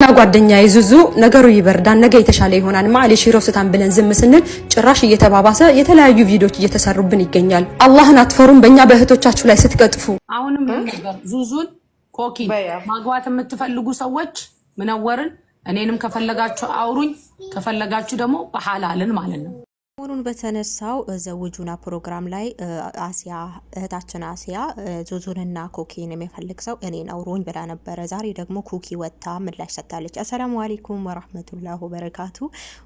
እና ጓደኛ ይዙዙ ነገሩ ይበርዳን፣ ነገ የተሻለ ይሆናል ማሊ ሽሮ ብለን ዝም ስንል ጭራሽ እየተባባሰ የተለያዩ ቪዲዮዎች እየተሰሩብን ይገኛል። አላህን አትፈሩም? በእኛ በእህቶቻችሁ ላይ ስትቀጥፉ። አሁንም ነበር ዙዙን ኮኪ ማግባት የምትፈልጉ ሰዎች ምነወርን፣ እኔንም ከፈለጋችሁ አውሩኝ፣ ከፈለጋችሁ ደግሞ በሐላልን ማለት ነው ሰሞኑን በተነሳው ዘውጁና ፕሮግራም ላይ አሲያ እህታችን አሲያ ዙዙንና ኩኪን የሚፈልግ ሰው ነው ሩኝ ብላ ነበረ። ዛሬ ደግሞ ኩኪ ወጥታ ምላሽ ሰጥታለች። አሰላሙ አሌይኩም ወራህመቱላሁ በረካቱ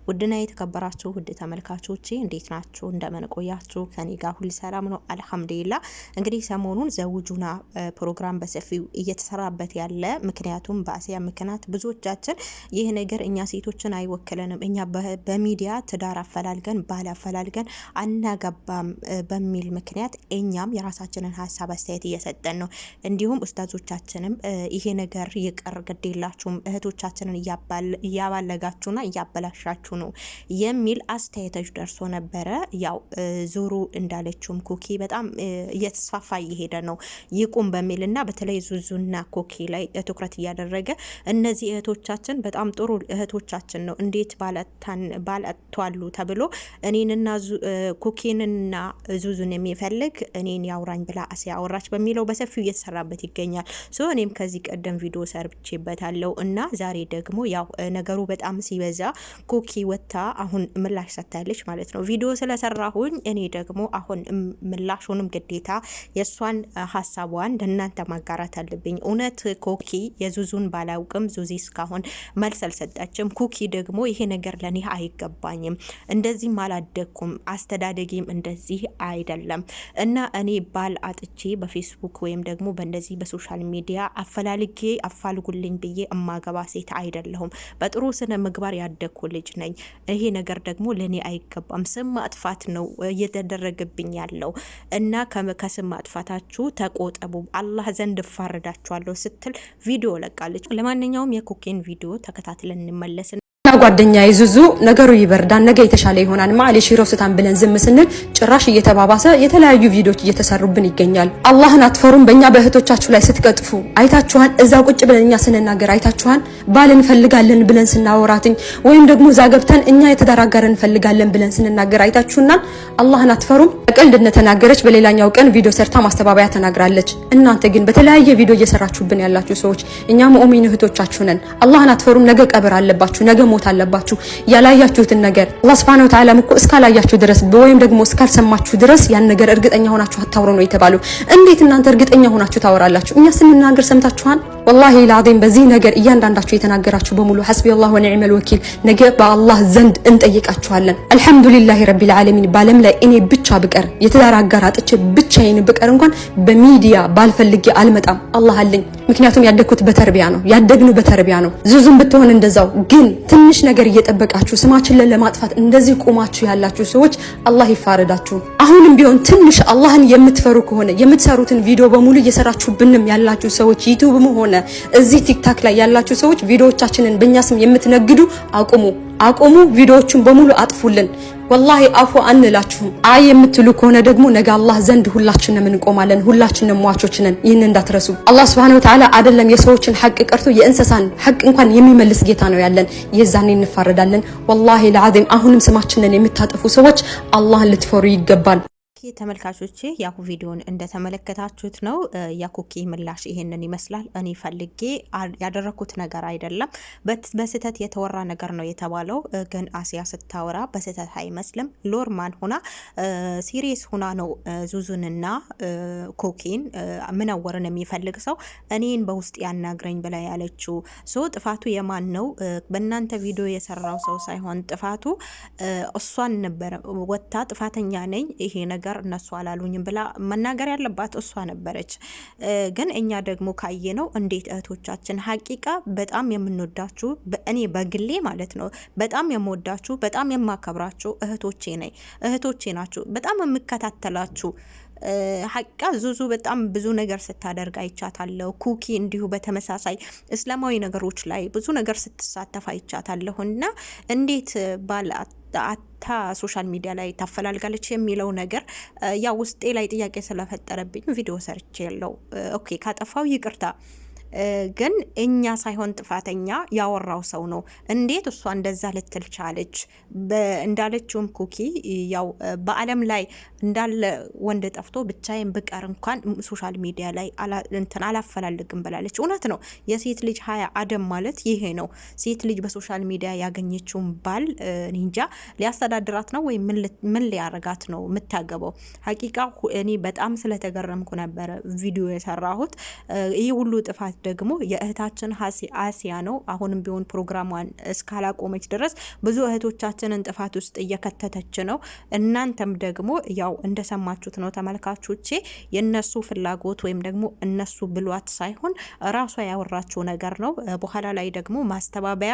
ውድና የተከበራችሁ ውድ ተመልካቾች እንዴት ናችሁ? እንደምን ቆያችሁ? ከኔ ጋር ሁል ሰላም ነው አልሐምዱሊላ። እንግዲህ ሰሞኑን ዘውጁና ፕሮግራም በሰፊው እየተሰራበት ያለ ምክንያቱም በአሲያ ምክንያት ብዙዎቻችን ይህ ነገር እኛ ሴቶችን አይወክለንም እኛ በሚዲያ ትዳር አፈላልገን ባለ አፈላልገን አናገባም በሚል ምክንያት እኛም የራሳችንን ሀሳብ አስተያየት እየሰጠን ነው። እንዲሁም ኡስታዞቻችንም ይሄ ነገር ይቅር ግዴላችሁም እህቶቻችንን እያባለጋችሁና እያበላሻችሁ ነው የሚል አስተያየቶች ደርሶ ነበረ። ያው ዞሩ እንዳለችውም ኮኪ በጣም እየተስፋፋ እየሄደ ነው ይቁም በሚል እና በተለይ ዙዙና ኮኪ ላይ ትኩረት እያደረገ እነዚህ እህቶቻችን በጣም ጥሩ እህቶቻችን ነው እንዴት ባለቷሉ ተብሎ እኔ እኔንና ኩኪንና ዙዙን የሚፈልግ እኔን ያውራኝ ብላ አሲያ አወራች በሚለው በሰፊው እየተሰራበት ይገኛል። ሶ እኔም ከዚህ ቀደም ቪዲዮ ሰርቼበታለሁ እና ዛሬ ደግሞ ያው ነገሩ በጣም ሲበዛ ኩኪ ወታ አሁን ምላሽ ሰጥታለች ማለት ነው። ቪዲዮ ስለሰራሁኝ እኔ ደግሞ አሁን ምላሹንም ግዴታ የእሷን ሀሳቧን ለእናንተ ማጋራት አለብኝ። እውነት ኮኪ የዙዙን ባላውቅም ዙዚ እስካሁን መልስ አልሰጣችም። ኩኪ ደግሞ ይሄ ነገር ለእኔ አይገባኝም እንደዚህም አላ አላደግኩም፣ አስተዳደጌም እንደዚህ አይደለም እና እኔ ባል አጥቼ በፌስቡክ ወይም ደግሞ በእንደዚህ በሶሻል ሚዲያ አፈላልጌ አፋልጉልኝ ብዬ እማገባ ሴት አይደለሁም። በጥሩ ስነ ምግባር ያደግኩ ልጅ ነኝ። ይሄ ነገር ደግሞ ለእኔ አይገባም። ስም ማጥፋት ነው እየተደረገብኝ ያለው እና ከስም ማጥፋታችሁ ተቆጠቡ፣ አላህ ዘንድ እፋረዳችኋለሁ ስትል ቪዲዮ ለቃለች። ለማንኛውም የኮኬን ቪዲዮ ተከታትለን እንመለስ። እና ጓደኛ ይዙዙ ነገሩ ይበርዳን ነገ የተሻለ ይሆናል ማለ ሽሮ ስታን ብለን ዝም ስንል ጭራሽ እየተባባሰ የተለያዩ ቪዲዮዎች እየተሰሩብን ይገኛል። አላህን አትፈሩም? በእኛ በእህቶቻችሁ ላይ ስትቀጥፉ አይታችኋን? እዛው ቁጭ ብለን እኛ ስንናገር አይታችኋን? ባል እንፈልጋለን ብለን ስናወራትኝ ወይም ደግሞ እዛ ገብተን እኛ የተደራገረ እንፈልጋለን ብለን ስንናገር አይታችሁና አላህን አትፈሩም? በቀልድ እንደተናገረች በሌላኛው ቀን ቪዲዮ ሰርታ ማስተባበያ ተናግራለች። እናንተ ግን በተለያየ ቪዲዮ እየሰራችሁብን ያላችሁ ሰዎች እኛ ሙእሚን እህቶቻችሁ ነን። አላህን አትፈሩም? ነገ ቀብር አለባችሁ ነገ መሞት አለባችሁ። ያላያችሁትን ነገር አላህ ሱብሐነሁ ወተዓላ እኮ እስካላያችሁ ድረስ ወይም ደግሞ እስካልሰማችሁ ድረስ ያን ነገር እርግጠኛ ሆናችሁ አታውሩ ነው የተባለው። እንዴት እናንተ እርግጠኛ ሆናችሁ ታወራላችሁ? እኛ ስንናገር ሰምታችኋል። ወላሂ ላዚም በዚህ ነገር እያንዳንዳችሁ የተናገራችሁ በሙሉ ሐስቢየላሁ ወኒዕመል ወኪል ነገ በአላህ ዘንድ እንጠይቃችኋለን። አልሐምዱሊላሂ ረቢል ዓለሚን ባለም ላይ እኔ ብቀር የትዳር አጋር አጥቼ ብቻዬን ብቀር እንኳን በሚዲያ ባልፈልጌ አልመጣም። አላህ አለኝ። ምክንያቱም ያደግኩት በተርቢያ ነው፣ ያደግነው በተርቢያ ነው። ዙዙም ብትሆን እንደዛው። ግን ትንሽ ነገር እየጠበቃችሁ ስማችንን ለማጥፋት እንደዚህ ቁማችሁ ያላችሁ ሰዎች አላህ ይፋረዳችሁ። አሁንም ቢሆን ትንሽ አላህን የምትፈሩ ከሆነ የምትሰሩትን ቪዲዮ በሙሉ እየሰራችሁብንም ያላችሁ ሰዎች ዩቲዩብም ሆነ እዚህ ቲክታክ ላይ ያላችሁ ሰዎች ቪዲዮዎቻችንን በእኛ ስም የምትነግዱ አቁሙ። አቁሙ፣ ቪዲዮዎቹን በሙሉ አጥፉልን። ወላሂ አፉ አንላችሁም። አይ የምትሉ ከሆነ ደግሞ ነገ አላህ ዘንድ ሁላችንም እንቆማለን። ሁላችንም ሟቾች ነን። ይህን እንዳትረሱ። አላህ ስብሐነሁ ወተዓላ አይደለም የሰዎችን ሐቅ ቀርቶ የእንስሳን ሐቅ እንኳን የሚመልስ ጌታ ነው ያለን። የዛኔ እንፋረዳለን። ወላሂ ለዓዚም አሁንም ስማችንን የምታጠፉ ሰዎች አላህን ልትፈሩ ይገባል። ኦኬ ተመልካቾቼ ያሁ ቪዲዮን እንደተመለከታችሁት ነው የኩኪ ምላሽ ይሄንን ይመስላል። እኔ ፈልጌ ያደረኩት ነገር አይደለም፣ በስህተት የተወራ ነገር ነው የተባለው። ግን አሲያ ስታወራ በስህተት አይመስልም። ሎርማን ሆና ሲሪየስ ሆና ነው ዙዙንና ኩኪን ምነወርን የሚፈልግ ሰው እኔን በውስጥ ያናግረኝ ብላ ያለችው ሶ ጥፋቱ የማን ነው? በእናንተ ቪዲዮ የሰራው ሰው ሳይሆን ጥፋቱ እሷን ነበረ ወታ ጥፋተኛ ነኝ ይሄ ነገር ነገር እነሱ አላሉኝም ብላ መናገር ያለባት እሷ ነበረች። ግን እኛ ደግሞ ካየ ነው እንዴት እህቶቻችን ሀቂቃ በጣም የምንወዳችሁ እኔ በግሌ ማለት ነው በጣም የምወዳችሁ በጣም የማከብራችሁ እህቶቼ ነኝ እህቶቼ ናችሁ በጣም የምከታተላችሁ ሀቂቃ ዙዙ በጣም ብዙ ነገር ስታደርግ አይቻታለሁ። ኩኪ እንዲሁ በተመሳሳይ እስላማዊ ነገሮች ላይ ብዙ ነገር ስትሳተፍ አይቻታለሁ እና እንዴት ባል አታ ሶሻል ሚዲያ ላይ ታፈላልጋለች የሚለው ነገር ያ ውስጤ ላይ ጥያቄ ስለፈጠረብኝ ቪዲዮ ሰርቼ ያለው ኦኬ ካጠፋው ይቅርታ ግን እኛ ሳይሆን ጥፋተኛ ያወራው ሰው ነው። እንዴት እሷ እንደዛ ልትል ቻለች? እንዳለችውም ኩኪ ያው በዓለም ላይ እንዳለ ወንድ ጠፍቶ ብቻዬን ብቀር እንኳን ሶሻል ሚዲያ ላይ እንትን አላፈላልግም ብላለች። እውነት ነው። የሴት ልጅ ሀያ አደም ማለት ይሄ ነው። ሴት ልጅ በሶሻል ሚዲያ ያገኘችውን ባል እንጃ ሊያስተዳድራት ነው ወይም ምን ሊያረጋት ነው የምታገበው? ሀቂቃ እኔ በጣም ስለተገረምኩ ነበረ ቪዲዮ የሰራሁት ይህ ሁሉ ጥፋት ደግሞ የእህታችን አሲያ ነው። አሁንም ቢሆን ፕሮግራሟን እስካላቆመች ድረስ ብዙ እህቶቻችንን ጥፋት ውስጥ እየከተተች ነው። እናንተም ደግሞ ያው እንደሰማችሁት ነው ተመልካቾቼ። የነሱ ፍላጎት ወይም ደግሞ እነሱ ብሏት ሳይሆን ራሷ ያወራችው ነገር ነው። በኋላ ላይ ደግሞ ማስተባበያ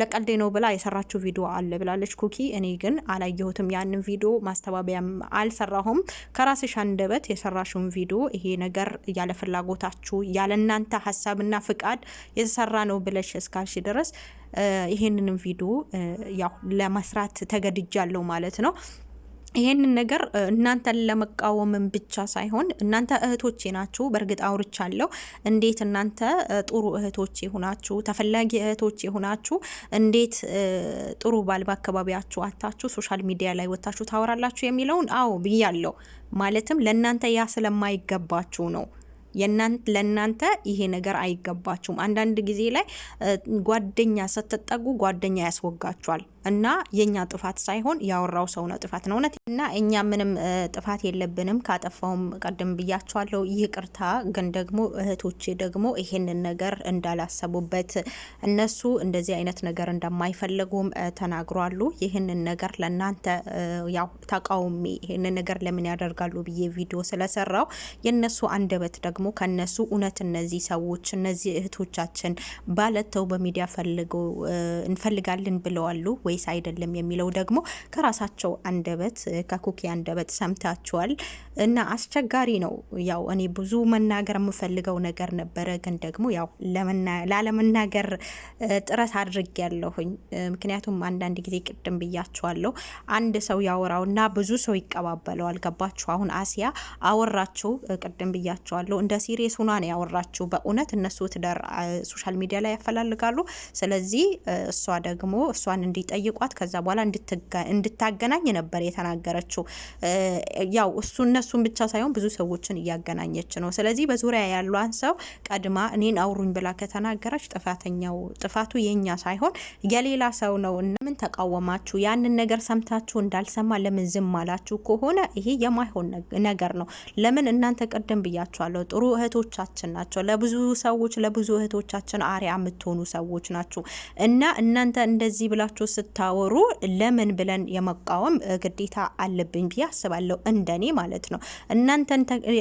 ለቀልዴ ነው ብላ የሰራችው ቪዲዮ አለ ብላለች ኩኪ። እኔ ግን አላየሁትም ያንን ቪዲዮ ማስተባበያም አልሰራሁም። ከራስሽ አንደበት የሰራሽውን ቪዲዮ ይሄ ነገር ያለ ፍላጎታችሁ ያለ እናንተ ሀሳብና ፍቃድ የተሰራ ነው ብለሽ እስካልሽ ድረስ ይሄንንም ቪዲዮ ያው ለመስራት ተገድጃለሁ ማለት ነው። ይሄንን ነገር እናንተን ለመቃወምም ብቻ ሳይሆን እናንተ እህቶቼ ናችሁ። በእርግጥ አውርቻለሁ። እንዴት እናንተ ጥሩ እህቶች ሆናችሁ፣ ተፈላጊ እህቶች ሆናችሁ እንዴት ጥሩ ባል በአካባቢያችሁ አታችሁ ሶሻል ሚዲያ ላይ ወታችሁ ታወራላችሁ የሚለውን አዎ ብያለሁ። ማለትም ለእናንተ ያ ስለማይገባችሁ ነው። ለእናንተ ይሄ ነገር አይገባችሁም። አንዳንድ ጊዜ ላይ ጓደኛ ስትጠጉ ጓደኛ ያስወጋችኋል። እና የእኛ ጥፋት ሳይሆን ያወራው ሰው ነው ጥፋት ነው እውነት እና እኛ ምንም ጥፋት የለብንም። ካጠፋውም ቀድም ብያቸዋለሁ ይቅርታ። ግን ደግሞ እህቶች ደግሞ ይሄንን ነገር እንዳላሰቡበት እነሱ እንደዚህ አይነት ነገር እንደማይፈልጉም ተናግሯሉ። ይህንን ነገር ለእናንተ ያው ተቃውሚ ይህንን ነገር ለምን ያደርጋሉ ብዬ ቪዲዮ ስለሰራው የእነሱ አንደበት ደግሞ ከነሱ እውነት እነዚህ ሰዎች እነዚህ እህቶቻችን ባለተው በሚዲያ ፈልገው እንፈልጋለን ብለዋሉ ወይ ወይስ አይደለም የሚለው ደግሞ ከራሳቸው አንደበት ከኩኪ አንደበት ሰምታችኋል። እና አስቸጋሪ ነው። ያው እኔ ብዙ መናገር የምፈልገው ነገር ነበረ፣ ግን ደግሞ ያው ላለመናገር ጥረት አድርግ ያለሁኝ ምክንያቱም አንዳንድ ጊዜ ቅድም ብያችኋለሁ፣ አንድ ሰው ያወራውና ብዙ ሰው ይቀባበለዋል። ገባችሁ? አሁን አሲያ አወራችሁ፣ ቅድም ብያችኋለሁ፣ እንደ ሲሪየስ ሁና ነው ያወራችሁ። በእውነት እነሱ ትዳር ሶሻል ሚዲያ ላይ ያፈላልጋሉ። ስለዚህ እሷ ደግሞ እሷን እንዲጠይቅ ጠይቋት ከዛ በኋላ እንድታገናኝ ነበር የተናገረችው። ያው እሱ እነሱን ብቻ ሳይሆን ብዙ ሰዎችን እያገናኘች ነው። ስለዚህ በዙሪያ ያሏን ሰው ቀድማ እኔን አውሩኝ ብላ ከተናገረች ጥፋተኛው ጥፋቱ የኛ ሳይሆን የሌላ ሰው ነው ምን ተቃወማችሁ? ያንን ነገር ሰምታችሁ እንዳልሰማ ለምን ዝም አላችሁ? ከሆነ ይሄ የማይሆን ነገር ነው። ለምን እናንተ ቀደም ብያችኋለሁ፣ ጥሩ እህቶቻችን ናቸው። ለብዙ ሰዎች ለብዙ እህቶቻችን አሪያ የምትሆኑ ሰዎች ናችሁ እና እናንተ እንደዚህ ብላችሁ ስታወሩ ለምን ብለን የመቃወም ግዴታ አለብኝ ብዬ አስባለሁ። እንደኔ ማለት ነው።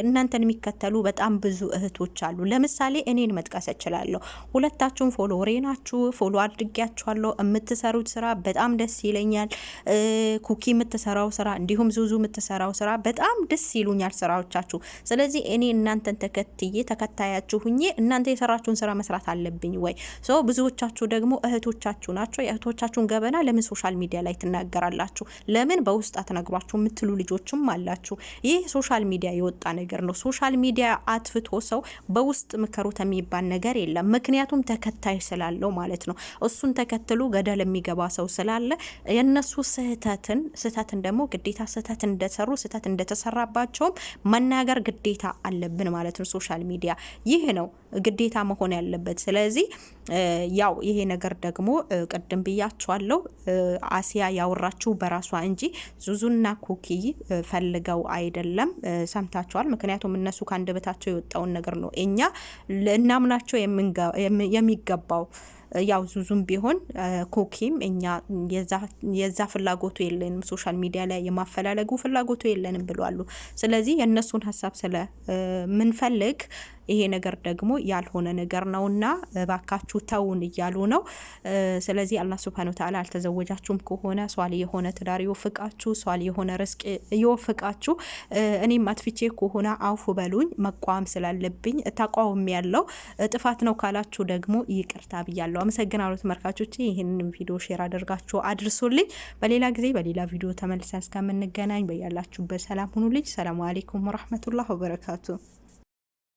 እናንተን የሚከተሉ በጣም ብዙ እህቶች አሉ። ለምሳሌ እኔን መጥቀስ እችላለሁ። ሁለታችሁም ፎሎሬ ናችሁ፣ ፎሎ አድርጊያችኋለሁ። የምትሰሩት ስራ በጣም ደስ ይለኛል። ኩኪ የምትሰራው ስራ እንዲሁም ዙዙ የምትሰራው ስራ በጣም ደስ ይሉኛል ስራዎቻችሁ። ስለዚህ እኔ እናንተን ተከትዬ ተከታያችሁ ሁኜ እናንተ የሰራችሁን ስራ መስራት አለብኝ ወይ? ሰው ብዙዎቻችሁ ደግሞ እህቶቻችሁ ናቸው። የእህቶቻችሁን ገበና እንደገና ለምን ሶሻል ሚዲያ ላይ ትናገራላችሁ? ለምን በውስጥ አትነግሯችሁ የምትሉ ልጆችም አላችሁ። ይህ ሶሻል ሚዲያ የወጣ ነገር ነው። ሶሻል ሚዲያ አትፍቶ ሰው በውስጥ ምከሩት የሚባል ነገር የለም። ምክንያቱም ተከታይ ስላለው ማለት ነው። እሱን ተከትሎ ገደል የሚገባ ሰው ስላለ የእነሱ ስህተትን ስህተትን ደግሞ ግዴታ ስህተት እንደሰሩ ስህተት እንደተሰራባቸውም መናገር ግዴታ አለብን ማለት ነው። ሶሻል ሚዲያ ይህ ነው ግዴታ መሆን ያለበት። ስለዚህ ያው ይሄ ነገር ደግሞ ቅድም ብያቸዋለሁ አሲያ ያወራችው በራሷ እንጂ ዙዙና ኩኪ ፈልገው አይደለም። ሰምታችኋል። ምክንያቱም እነሱ ከአንደበታቸው የወጣውን ነገር ነው እኛ ልናምናቸው የሚገባው። ያው ዙዙም ቢሆን ኮኪም እኛ የዛ ፍላጎቱ የለንም፣ ሶሻል ሚዲያ ላይ የማፈላለጉ ፍላጎቱ የለንም ብለዋሉ። ስለዚህ የእነሱን ሀሳብ ስለምንፈልግ ይሄ ነገር ደግሞ ያልሆነ ነገር ነውና እባካችሁ ተውን እያሉ ነው። ስለዚህ አላህ ሱብሃነሁ ወተዓላ አልተዘወጃችሁም ከሆነ ሷሊ የሆነ ትዳር ይወፍቃችሁ፣ ሷሊ የሆነ ርስቅ ይወፍቃችሁ። እኔም አትፍቼ ከሆነ አፉ በሉኝ፣ መቋም ስላለብኝ ተቋውም ያለው ጥፋት ነው ካላችሁ ደግሞ ይቅርታ ብያለሁ። አመሰግናለሁ ተመልካቾች፣ ይህንን ቪዲዮ ሼር አድርጋችሁ አድርሱልኝ። በሌላ ጊዜ በሌላ ቪዲዮ ተመልሰን እስከምንገናኝ በያላችሁበት ሰላም ሁኑልኝ። ሰላሙ አሌይኩም ወረህመቱላህ ወበረካቱ።